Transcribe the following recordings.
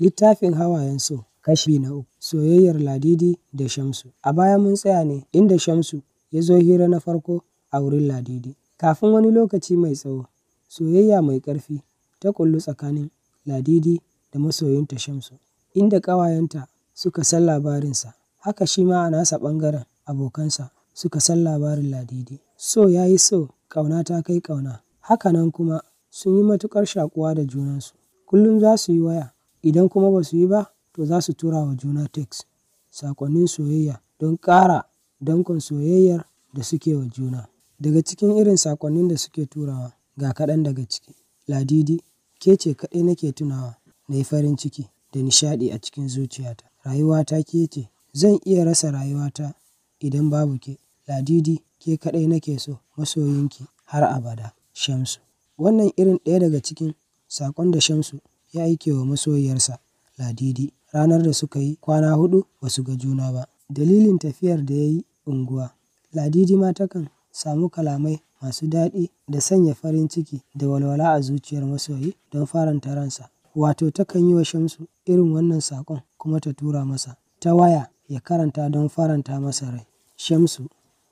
Littafin Hawayen So, kashi na uku, Soyayyar Ladidi da Shamsu. A baya mun tsaya ne inda Shamsu ya zo hira na farko a wurin Ladidi. Kafin wani lokaci mai tsawo, soyayya mai ƙarfi ta kullu tsakanin Ladidi da masoyinta Shamsu, inda ƙawayenta suka san labarinsa, haka shi ma a nasa ɓangaren abokansa suka san labarin Ladidi. So ya yi so, ƙauna ta kai ƙauna. Haka nan kuma sun yi matuƙar shaƙuwa da junansu, kullum za su yi waya Idan kuma ba su yi ba to za su tura wa juna text, saƙonnin soyayya don ƙara dankon soyayyar da suke wa juna. Daga cikin irin saƙonnin da suke turawa ga kaɗan daga ciki. Ladidi: Ke ce kaɗai nake tunawa, na yi farin ciki da nishaɗi a cikin zuciyata. Rayuwata ke ce. Zan iya rasa rayuwata idan babu ke. Ladidi: Ke kaɗai nake so. Masoyinki har abada. Shamsu. Wannan irin ɗaya daga cikin sakon da Shamsu. ya aike wa masoyiyarsa, Ladidi, ranar da suka yi kwana hudu ba su ga juna ba. Dalilin tafiyar da ya yi unguwa, Ladidi ma takan samu kalamai masu daɗi da sanya farin ciki da walwala a zuciyar masoyi don faranta ransa, wato takan yi wa Shamsu irin wannan saƙon kuma ta tura masa, ta waya ya karanta don faranta masa rai. Shamsu,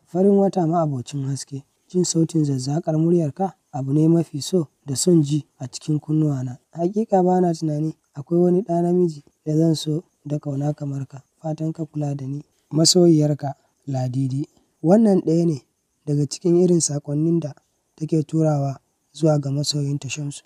farin wata ma abocin haske, jin sautin zazzakar muryarka abu ne mafi so da son ji a cikin kunnuwana. Hakika ba na tunani akwai wani ɗa namiji da zan so da ƙauna kamar ka. Fatan ka kula da ni. Masoyiyarka, Ladidi." Wannan ɗaya ne daga cikin irin saƙonnin da take turawa zuwa ga masoyinta Shamsu.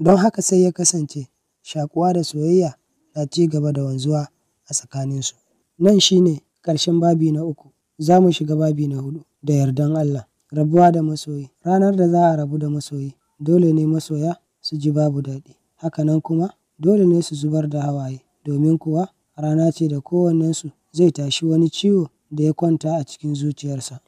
Don haka sai ya kasance shakuwa da soyayya na ci gaba da wanzuwa a tsakaninsu. Nan shine ƙarshen babi na uku. Za mu shiga babi na hudu. da yardan Allah. Rabuwa da masoyi. Ranar da za a rabu da masoyi, dole ne masoya su ji babu daɗi. Hakanan kuma dole ne su zubar da hawaye, domin kuwa rana ce da kowannensu zai tashi wani ciwo da ya kwanta a cikin zuciyarsa.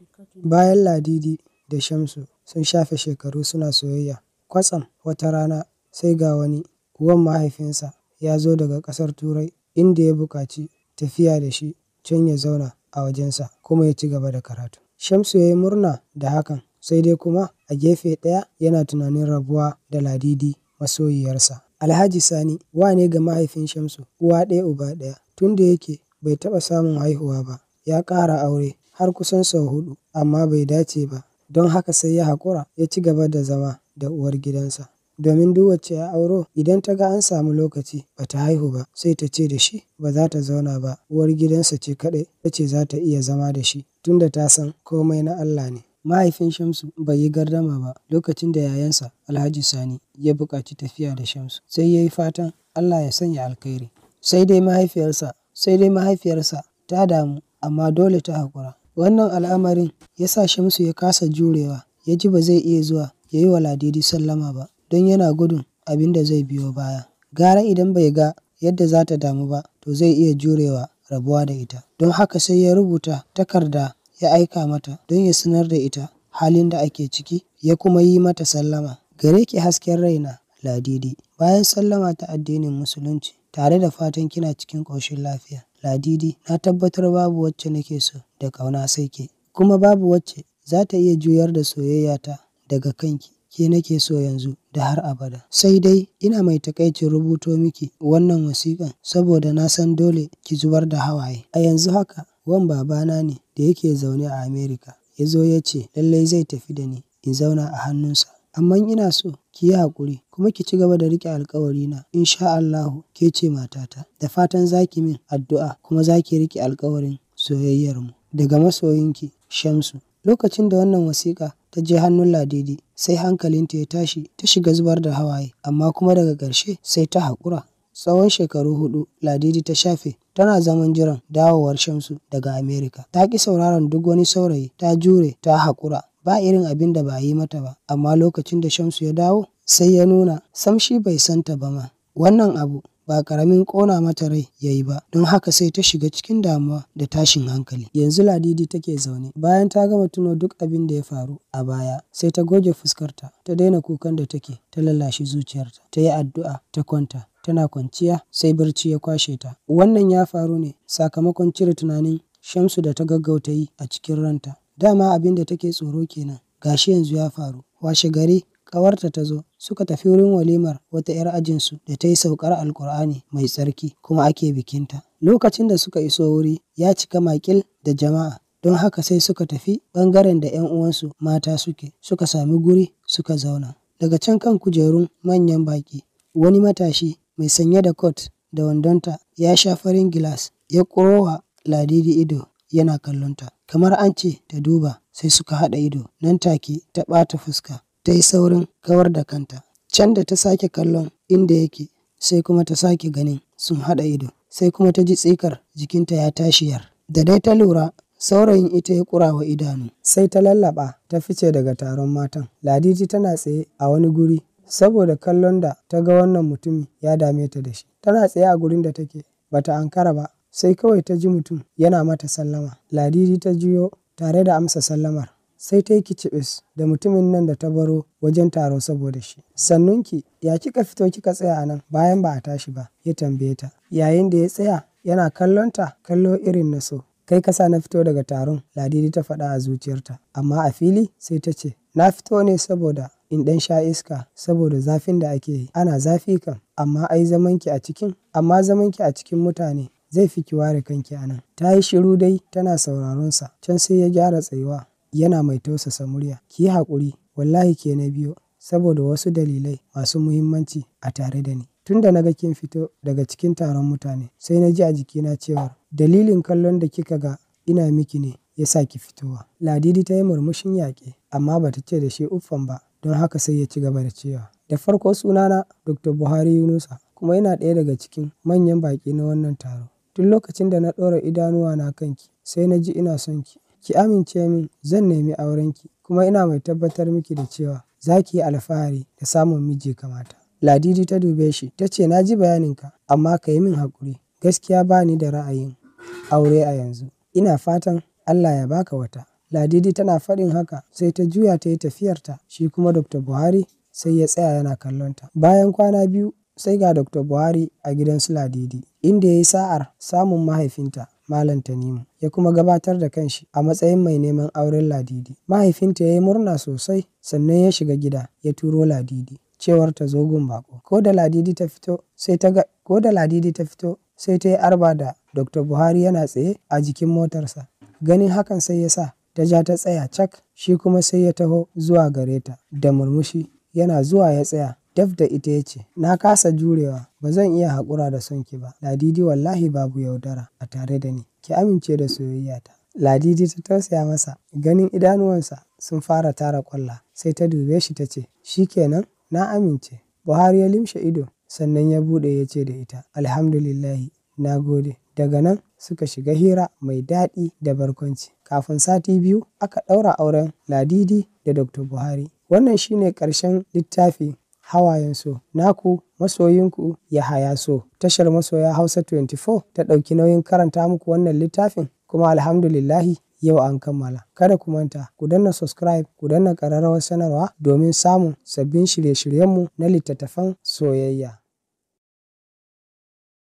Bayan Ladidi da Shamsu sun shafe shekaru suna soyayya, kwatsam wata rana sai ga wani, uwan mahaifinsa, ya zo daga ƙasar Turai inda ya buƙaci tafiya da shi can ya zauna a wajensa kuma ya ci gaba da karatu. Shamsu ya yi murna da hakan, sai dai kuma a gefe ɗaya yana tunanin rabuwa da Ladidi masoyiyarsa. Alhaji Sani wa ne ga mahaifin Shamsu, uwa ɗaya uba ɗaya, tun da yake bai taɓa samun haihuwa ba, ya ƙara aure har kusan sau huɗu amma bai dace ba, don haka sai ya haƙura ya ci gaba da zama da uwar gidansa. Domin duk wacce ya auro idan ta ga an samu lokaci ba ta haihu ba sai ta ce da shi ba za ta zauna ba uwar gidansa ce kaɗai ta ce za ta iya zama da shi tunda ta san komai na Allah ne. Mahaifin Shamsu bai yi gardama ba lokacin da yayansa Alhaji Sani ya buƙaci tafiya da Shamsu sai ya yi fatan Allah ya sanya alkhairi. Sai dai mahaifiyarsa sai dai mahaifiyarsa ta damu amma dole ta haƙura. Wannan al'amarin ya sa Shamsu ya kasa jurewa ya ji ba zai iya zuwa ya yi wa Ladidi sallama ba don yana gudun abin da zai biyo baya. Gara idan bai ga yadda za ta damu ba to zai iya jurewa rabuwa da ita. Don haka sai ya rubuta takarda ya aika mata don ya sanar da ita halin da ake ciki ya kuma yi mata sallama. Gare ki hasken raina Ladidi. Bayan sallama ta addinin Musulunci tare da fatan kina cikin ƙoshin lafiya. Ladidi na tabbatar babu wacce nake so da ƙauna sai ke, kuma babu wacce za ta iya juyar da soyayyata daga kanki. ke nake so yanzu da har abada. Sai dai ina mai takaicin rubuto miki wannan wasiƙan saboda na san dole ki zubar da hawaye. A yanzu haka wan babana ne da yake zaune a Amerika ya zo ya ce lallai zai tafi da ni in zauna a hannunsa. amma ina so ki yi haƙuri kuma ki ci gaba da riƙe alƙawarina in sha Allahu ke ce matata. Da fatan za ki min addu'a kuma za ki riƙe alƙawarin soyayyarmu. Daga masoyinki Shamsu. Lokacin da wannan wasiƙa ta je hannun Ladidi sai hankalinta ya tashi ta shiga zubar da hawaye amma kuma daga ƙarshe sai ta haƙura. Tsawon shekaru hudu Ladidi ta shafe tana zaman jiran dawowar Shamsu daga Amerika. Ta ƙi sauraron duk wani saurayi, ta jure, ta haƙura. Ba irin abin da ba yi mata ba, amma lokacin da Shamsu ya dawo sai ya nuna sam bai santa ba ma. Wannan abu ba ƙaramin ƙona mata rai ya yi ba don haka sai ta shiga cikin damuwa da tashin hankali yanzu ladidi take zaune bayan ta gama tuno duk abin da ya faru a baya sai ta goge fuskarta ta daina kukan da take ta lallashi zuciyarta ta yi addu'a ta kwanta tana kwanciya sai barci ya kwashe ta wannan ya faru ne sakamakon cire tunanin shamsu da ta gaggauta yi a cikin ranta dama abin da take tsoro kenan gashi yanzu ya faru washe gari ƙawarta ta zo, suka tafi wurin walimar wata 'yar ajinsu da ta yi saukar Alkur'ani mai tsarki kuma ake bikinta. Lokacin da suka iso wuri ya cika maƙil da jama'a, don haka sai suka tafi ɓangaren da 'yan uwansu mata suke, suka sami guri suka zauna. Daga can kan kujerun manyan baƙi, wani matashi mai sanye da kot da wandonta ya sha farin gilas ya ƙurowa Ladidi ido yana kallonta, kamar an ce ta duba sai suka haɗa ido nan take ta ɓata fuska ta yi saurin kawar da kanta. Can da ta sake kallon inda yake sai kuma ta sake ganin sun haɗa ido sai kuma ta ji tsikar jikinta ya tashi yar. Da dai ta lura saurayin ita ya kurawa idanu sai ta lallaba ta fice daga taron matan ladiji tana tsaye a wani guri saboda kallon da ta ga wannan mutumi ya dame ta da shi tana tsaye a gurin da take bata ankara ba sai kawai ta ji mutum yana mata sallama ladiji ta juyo tare da amsa sallamar sai ta yi kicibis da mutumin nan da ta baro wajen taro saboda shi. Sannunki, ya kika fito kika tsaya anan? nan bayan ba a tashi ba, ya tambaye ta. Yayin da ya tsaya yana kallonta kallo irin na so. Kai ka sa na fito daga taron, Ladidi ta faɗa a zuciyarta, amma a fili sai ta ce, Na fito ne saboda in ɗan sha iska saboda zafin da ake yi, ana zafi kan, amma ai ki a cikin, amma zaman ki a cikin mutane zai fi ki ware kanki anan. Ta yi shiru dai tana sauraron sa, can sai ya gyara tsayuwa yana mai tausasa murya. "Ki yi haƙuri, wallahi ke na biyo saboda wasu dalilai masu muhimmanci a tare da ni. Tun da na ga kin fito daga cikin taron mutane, sai na ji a jikina cewa, dalilin kallon da kika ga ina miki ne ya sa ki fitowa." Ladidi ta yi murmushin yaƙi amma ba ta ce da shi uffan ba don haka sai ya ci gaba da cewa, "Da farko sunana Dr. Buhari Yunusa kuma ina ɗaya daga cikin manyan baƙi na wannan taro. Tun lokacin da na ɗora idanuwa na kanki sai na ji ina son ki Ki amince min, zan nemi aurenki kuma ina mai tabbatar miki da cewa za ki yi alfahari da samun miji kamata. Ladidi ta dube shi ta ce na ji bayaninka amma ka yi min haƙuri, gaskiya ba ni da ra'ayin aure a yanzu. Ina fatan Allah ya baka wata. Ladidi tana faɗin haka sai ta juya ta yi tafiyarta shi kuma Dr. Buhari sai ya tsaya yana kallonta. Bayan kwana biyu sai ga Dr. Buhari a gidan su Ladidi inda ya yi sa'ar samun mahaifinta Malam Tanimu, ya kuma gabatar da kanshi a matsayin mai neman auren Ladidi. Mahaifinta ya yi murna sosai sannan ya shiga gida ya turo Ladidi cewar ta zo gun baƙo. Ko da Ladidi ta fito sai ta ko da Ladidi ta fito sai ta yi arba da Dr. Buhari yana tsaye a jikin motarsa. Ganin hakan sai ya sa ta ja ta tsaya cak shi kuma sai ya taho zuwa gare ta da murmushi yana zuwa ya tsaya Daf da ita ya ce, Na kasa jurewa, ba zan iya haƙura da son ki ba, Ladidi wallahi babu yaudara a tare da ni, ki amince da soyayyata. Ladidi ta tausaya masa, ganin idanuwansa sun fara tara ƙwalla, sai ta dube shi ta ce, Shi kenan, na amince. Buhari ya limshe ido, sannan ya buɗe ya ce da ita, Alhamdulillahi, na gode. Daga nan suka shiga hira mai daɗi da barkwanci. Kafin sati biyu aka ɗaura auren Ladidi da Dr. Buhari. Wannan shine ƙarshen littafi hawayensu. Naku masoyinku ya haya So. Tashar masoya Hausa 24 ta ɗauki nauyin karanta muku wannan littafin kuma alhamdulillahi yau an kammala. Kada ku manta ku danna subscribe ku danna ƙararrawar sanarwa domin samun sabbin shirye-shiryenmu na littattafan soyayya.